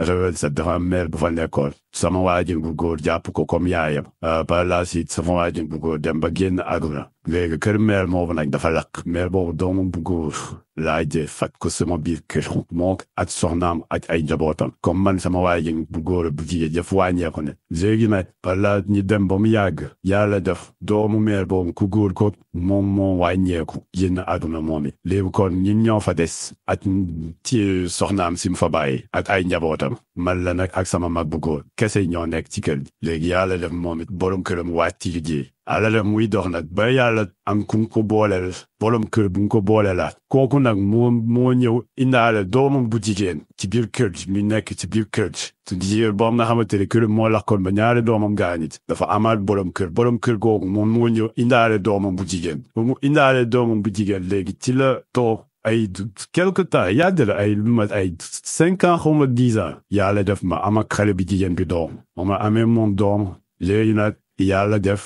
rød, så drømmer, volleycall. sama waajur bu góor jàpp ko comme yaayam par laa si sama waajur bu góor dem ba génn àdduna léegi kër mère moomu nag dafa lakk meer boobu doomu bu góor laa jël fat ko sama biir kër moo ak soxnaam ak ay njabootam comme man sama waajur bu góor bu jigéen jëf wàññeeku ne léegi nag par la ñu dem ba mu yàgg yàlla def doomu mère boobu ku góor ko moom moo wàññeeku génn àdduna moom it léegi kon ñun ñoo fa des ak ci soxnaam si mu fa bàyyi ak ay njabootam man la nag ak sama mag góor léegi nag ko ko a kesänyónek ciköllégi jelenem, amit bolomkölöm vátígyi. Alelem újdornak bejálat, ankunko bolel, bolomkölbunko bolelat. Kokunak mónyó, innále domon budigén, tibirkölcs, mindenki tibirkölcs. Tudjél bomna hamatére körül mollakon, banyále domon gányit. De fa amal bolomköl, bolomköl gogum, mónyó, innále domon budigén. Innále domon budigén légi tila, tó ay Hij doet elke tijd, ay hij, hij doet 510 jaar. Ja, hij doet maar allemaal kredibietje en bedom. Maar aan mijn mond dom, leer je dat, ja, hij doet,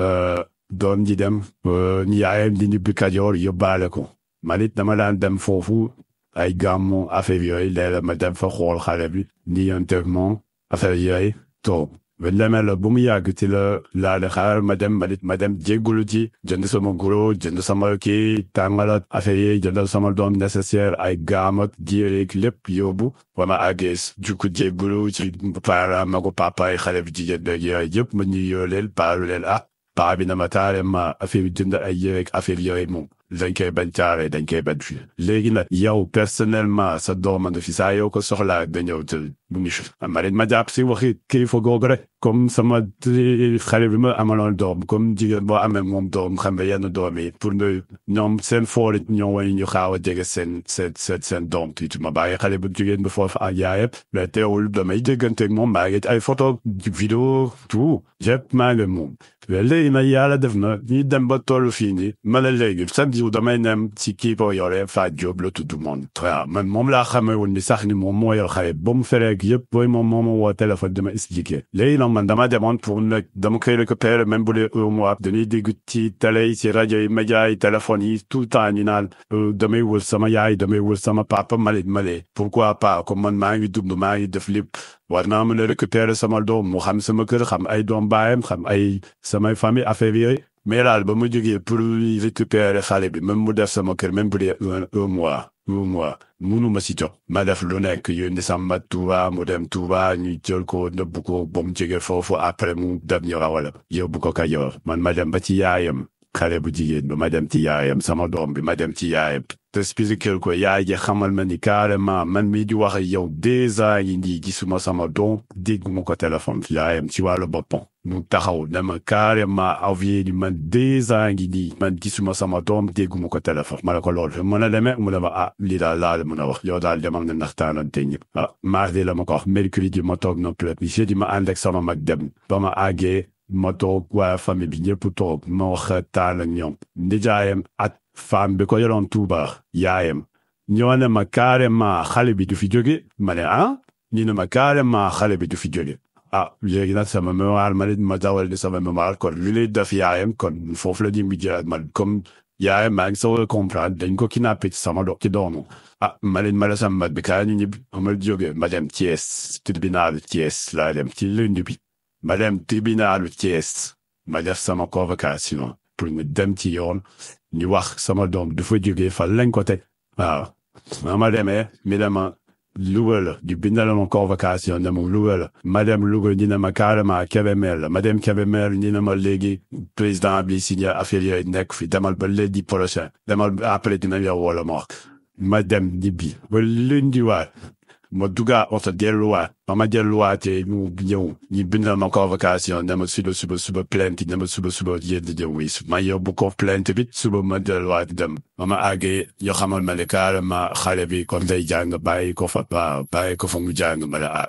uh, don die dem, ni euh, a hem die nu bekadjor, je balako. Maar dit nam dan dem voorvoer, hij gam mon affaire, hij leer met dem verhoor, ga hebben, niet een tegman, affaire, to ben la bu mu yàgg ci la laa de xaaral ma dem ma ma dem jéggulu ci jënd sama guro jënd sama kii tàngalat affaire yi jëndal sama doom nécessaire ay gaam ak jiréeg lépp yóbbu wama àggees jukku jéggulu ci para ma ko papa yi xale bi jigéen beeg yooyu yëpp ma ñu yoo leen paalu leen ah paa bi na ma taale ma affaire yi jënd ay yéreeg affaire yooyu moom dañ koy bañ caaree dañ koy bañ fii léegi nag yow personnellement sa dooma nga fi saa yow ko soxlaa da ñëw te bu ñu. Marine ma jàpp si waxi kilifa googu re Kom samma självmö amalan dom, kom diga ba amemom dom, khambayano domi, pulnu nyom sen forit nyowa in yukawa diga sen sen sen sen dom titu ma bai khalibu digen before a jaep, lete ol domi digen teg mom maget, ay foto video tu, jep male mom. Velle ima yala devna, ni dem botol fini, mala legi, samedi u domi nem tiki po yore, fa dioblo tu du mon, tra, men mom la khame un misachni mom moya khaye, bom ferek, jep boy mom mom wa telefon dema istike. Leila mandamadamon damokelekopel membole umwap deni degutti talei sirajai majai telefoni tutaninal dame wul sama yaay dame wul sama papa malit male pourquoi pas comme man maa ngi dund maa ngi def lépp war naa mën a récupérer sama doom mu xam sama kër xam ay doom baayam xam ay samay famille affaire yooyu mais ba ma jógee pour récupérer xale bi même mu def sama kër même bu dee Umma, munumasito, madaflona que yun samma tuwa, modem tuwa, ni ko no buko, bom jige fofo, après mu, damnira wala, yo buko kayo, man ci batiyayam, xale bu jigéen bi ma dem ci yaayam sama doom bi ma dem ci yaayam te expliquer ko yaay ji xamal ma ni carrément man mii di wax ak yow deux ans yi nii gisuma sama doom dégguma ko téléphone yaayam ci wàllu boppam mu taxaw dama carrément avier ni man deux ans yi nii man gisuma sama doom dégguma ko téléphone ma ne ko loolu fi mën a demee mu ne ma ah lii daal laa la mën a wax yow daal demal na naxtaanante ñëpp ah mardi la ma ko wax mercredi ma toog noppilep jeudi ma ànd ak sama mag dem ba ma àggee toog bi motokuwa familia e puto moxa talan yom. Ndijayem at fam bi e ko yoroon Tuuba yaayam ñoo ne ma carrément xale bi du fi jóge ma ne ah ñu ne ma carrément xale bi du fi jóge ah léegi nag sama mémoire ma ne ma dawal di sama mémoire kon li lay def yaayam kon foofu la di mujjee man comme yaayam maa ngi soog a comprendre dañ ko kidnappé ci sama doog ci doomu ah ma ne ma ne sama mat bi kaay ñu ñibbi ma jóge ma dem Thiès tribunal Thiès laa dem ci lundi bi madem tribunal Thiès ma def sama convocation pur mu dem ci yoon ñu wax sama doom du fa jógee fa lañ ko teg waaw ma ma demee mi dama Louga la ñu bindal ma convocation ne ma Louga la madame Louga ñu ma carrément Kébémer la madame Kébémer ñu ne ma léegi président bi signé affaire yooyu nekk fi demal ba lundi prochain demal après dina yow wala ma wax ma dem ñibbi ba lundi oo duga wata ma mama delluwaate mu ñëw ñi bindal ma convocation ne ma suba suba suba plainte ne ma suba suba yéen ñëw wis ma yóbbu ko plainte bi suba ma delluwaat dem mama àggee yoo xamal ma ne carrément xale bi kon day jàng bàyyi ko fa waaw bàyyi ko fa mu jàng ma la ah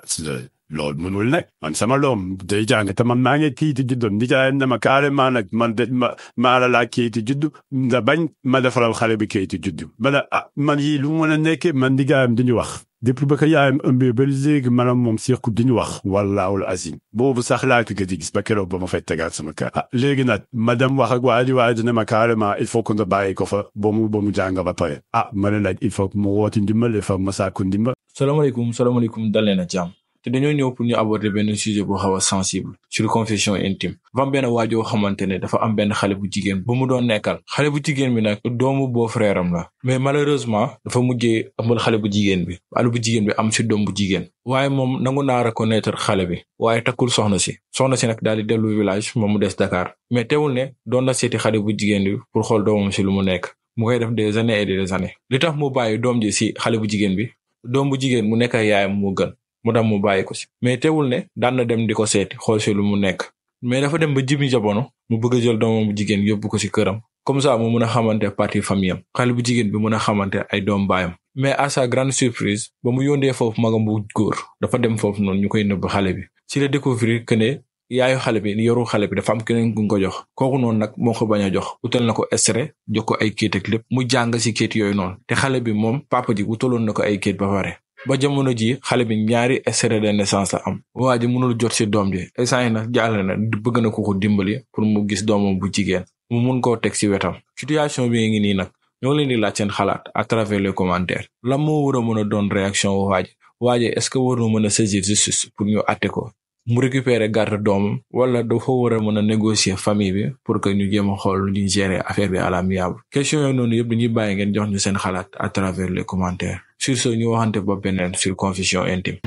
loolu mënul nekk man sama loom day jàng te man maa ngi kayiti juddu nijaay na ma carrément nag man de ma maa la laa kayiti juddu nga bañ ma defaral xale bi kayiti juddu ma ne ah man yii lu mu mën a nekkee man nijaayam di wax dépp wax 대풀박하야 은비벨직 말하면 몸씩 굳디누아 왈라울 아진 보브 사흘라이트 게디기스 바케로 보면 페트가 스마카 레게나 마담 와하고 아디와 아드네 마카르마 il faut qu'on baille kofa bomu bomu janga ba pare ah mane laaj il faut mo wotin dimbal il faut ma sa kun dimbal salaamaaleykum salaamaaleykum dal leen a jàmm te dañoo ñëw pour ñu aborder benn sujet bu xaw a sensible sur confession intime dafa am benn waajoo xamante ne dafa am benn xale bu jigéen bu mu doon nekkal xale bu jigéen bi nag doomu boo frère am la mais malheureusement dafa mujjee ëmbal xale bu jigéen bi xale bu jigéen bi am si doom bu jigéen waaye moom nangu naa reconnaître xale bi waaye takkul soxna si soxna si nag daal di dellu village moom mu des Dakar mais teewul ne doon seeti xale bu jigéen bi pour xool doomam si lu mu nekk mu koy def des années et des années li tax mu bàyyi doom ji si xale bu jigéen bi doom jigéen mu nekk yaayam mu gën mu dem mu bàyyi ko si mais teewul ne daan na dem di ko seeti xool si lu mu nekk mais dafa dem ba jibi jabono mu bëgg a jël doomam jigéen yóbbu ko si këram comme ça mu mën a xamante parti famille am xale bu jigéen bi mën a xamante ay doom baayam mais à sa grande surprise ba mu yóndee foofu magam bu góor dafa dem foofu noonu ñu koy nëbb xale bi si la découvrir que ne yaayu xale bi yoru xale bi dafa am keneen ku ko jox kooku noonu nag moo ko bañ a jox utal na ko extrait jox ko ay lépp mu jàng si kéet yooyu noonu xale bi moom papa ji utaloon na ko ay kéet ba ba jamono ji xale bi ñaari extrait de naissance la am waa ji mënul jot ci doom ji instant yi nag jàll na bëgg na ko ko dimbali pour mu gis doom bu jigéen mu mun koo teg ci wetam situation bi ngi nii nag ñoo leen di laaj xalaat à travers les commentaires lan moo war a mën a doon réaction wu waa ji est-ce que war na mën a saisir justice pour ñu àtte ko mu récupérer garde doomam wala dafa war a mën a négocier famille bi pour que ñu jéem a xool lu ñuy gérer affaire bi à l'amiable question yooyu noonu yëpp dañuy bàyyi ngeen jox ñu seen xalaat à travers les commentaires sur ce ñu waxante ba beneen sur confession intime